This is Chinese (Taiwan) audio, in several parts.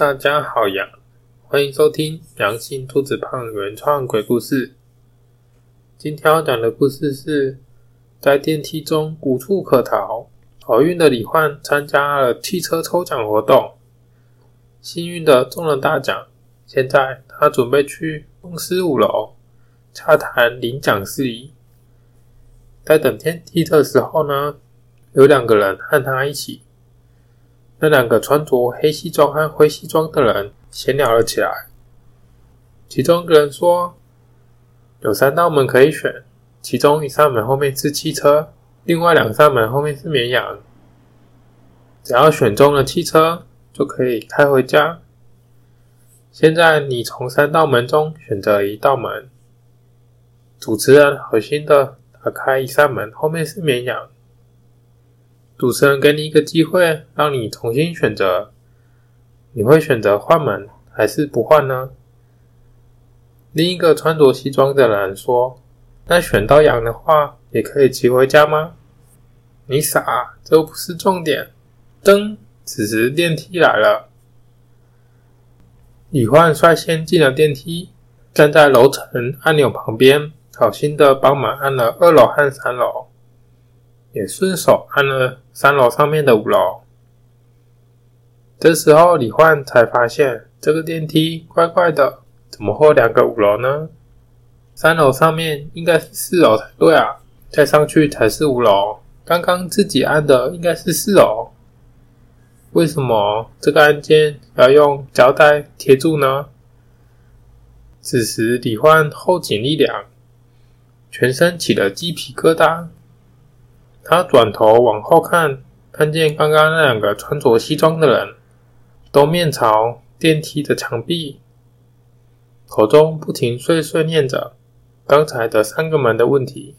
大家好呀，歡迎收聽《良心兔子胖》原創鬼故事。今天要講的故事是在電梯中無處可逃，好運的李煥參加了汽車抽獎活動，幸運的中了大獎。現在他準備去公司五樓洽談領獎事宜。在等電梯的時候呢，有兩個人和他一起。那兩個穿着黑西裝和灰西裝的人閒聊了起來。其中一個人說：“有三道門可以選，其中一扇門後面是汽車，另外兩扇門後面是綿羊。只要選中了汽車，就可以開回家。現在你從三道門中選擇一道門，主持人好心的打開一扇門，後面是綿羊。”主持人給你一個機會，讓你重新選擇，你會選擇換門還是不換呢？另一個穿着西裝的人說：“那選到羊的話，也可以騎回家嗎？”你傻，這又不是重點。噔，此時電梯來了，李煥率先進了電梯，站在樓層按鈕旁邊，好心的幫忙按了二樓和三樓。也順手按了三樓上面的五樓。這時候李煥才發現，這個電梯怪怪的，怎麼會兩個五樓呢？三樓上面應該是四樓才對啊，再上去才是五樓。剛剛自己按的應該是四樓，為什麼這個按鍵要用膠帶貼住呢？此時李煥後頸一涼，全身起了雞皮疙瘩。他轉頭往後看，看見剛剛那兩個穿着西裝的人，都面朝電梯的牆壁，口中不停碎碎念着剛才的三個門的問題，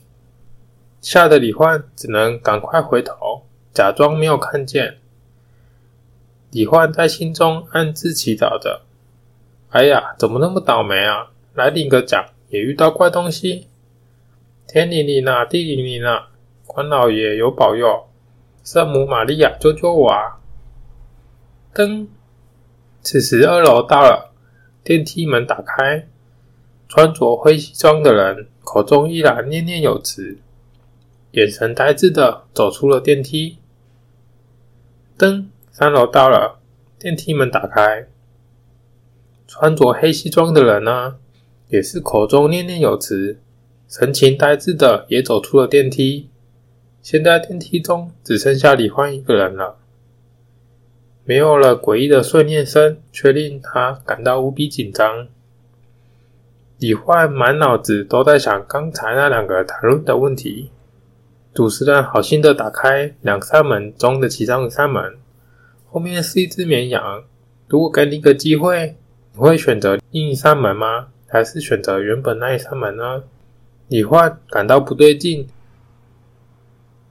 嚇得李煥只能趕快回頭，假裝沒有看見。李煥在心中暗自祈禱着：“哎呀，怎麼那麼倒霉啊！來領個獎也遇到怪東西，天靈靈啊，地靈靈啊！”關老爺有保佑，聖母瑪利亞救救我啊！噔，此時二樓到了，電梯門打開，穿着灰西裝的人口中依然念念有詞，眼神呆滯的走出了電梯。噔，三樓到了，電梯門打開，穿着黑西裝的人呢、啊，也是口中念念有詞，神情呆滯的也走出了電梯。現在電梯中只剩下李煥一個人了，沒有了詭異的碎念聲，卻令他感到無比緊張。李煥滿腦子都在想剛才那兩個談論的問題。主持人好心地打開兩扇門中的其中一扇門，後面是一隻綿羊。如果給你一個機會，你會選擇另一扇門嗎？還是選擇原本那一扇門呢？李煥感到不對勁。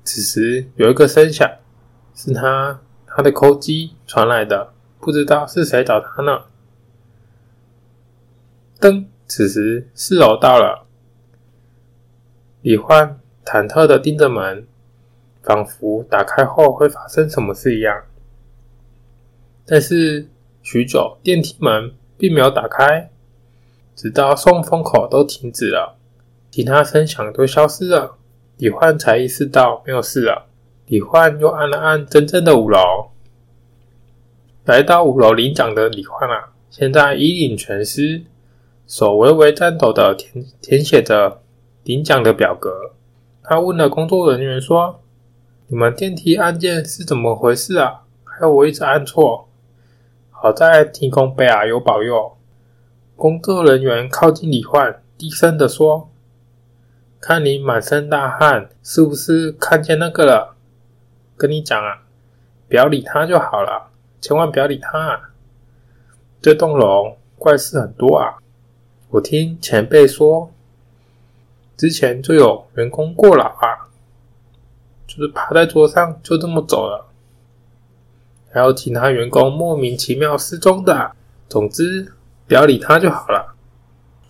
此時有一個聲響，是他他的 call 機傳來的，不知道是誰找他呢？噔，此時四樓到了，李煥忐忑地盯着門，仿佛打開後會發生什麼事一樣。但是許久，電梯門並沒有打開，直到送風口都停止了，其他聲響都消失了。李煥才意識到沒有事了。李煥又按了按真正的五樓，來到五樓領獎的李煥啊，現在衣領全濕，手微微顫抖的填填寫着領獎的表格。他問了工作人員說：“你們電梯按鍵是怎麼回事啊？害我一直按錯。”好在天公伯啊有保佑。工作人員靠近李煥，低聲地說。看你滿身大汗，是不是看見那個了？跟你講啊，不要理他就好了，千萬不要理他啊。這棟樓怪事很多啊，我聽前輩說，之前就有員工過勞啊，就是趴在桌上就這麼走了，還有其他員工莫名其妙失蹤的啊。總之，不要理他就好了。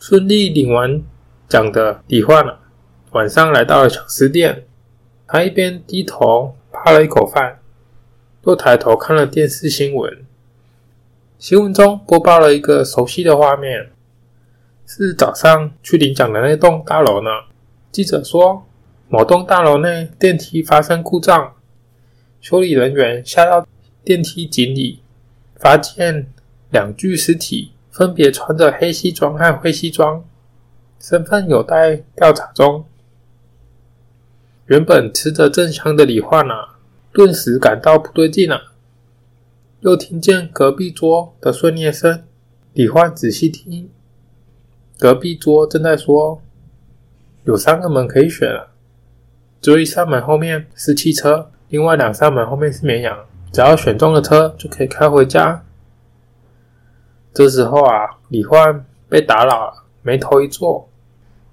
順利領完獎的理化了。晚上來到了小吃店，他一邊低頭扒了一口飯，又抬頭看了電視新聞。新聞中播報了一個熟悉的畫面，是早上去領獎的那棟大樓呢？記者說，某棟大樓內電梯發生故障，修理人員下到電梯井裡，發現兩具屍體分別穿着黑西裝和灰西裝，身份有待調查中。原本吃着正香的李煥啊，頓時感到不對勁了啊。又聽見隔壁桌的碎念聲，李煥仔細聽，隔壁桌正在說：“有三個門可以選了啊，這一扇門後面是汽車，另外兩扇門後面是綿羊。只要選中了車，就可以開回家。”這時候啊，李煥被打擾了，眉頭一皺，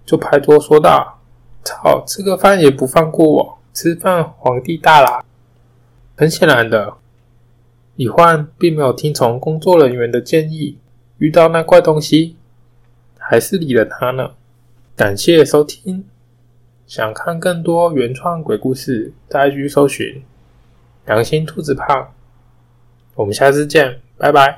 就拍桌說道。操，吃個飯也不放過我！吃飯皇帝大啦！很顯然的，李煥並沒有聽從工作人員的建議，遇到那怪東西，還是理了他呢。感謝收聽，想看更多原創鬼故事，在 IG 搜尋。良心兔子胖，我們下次見，拜拜。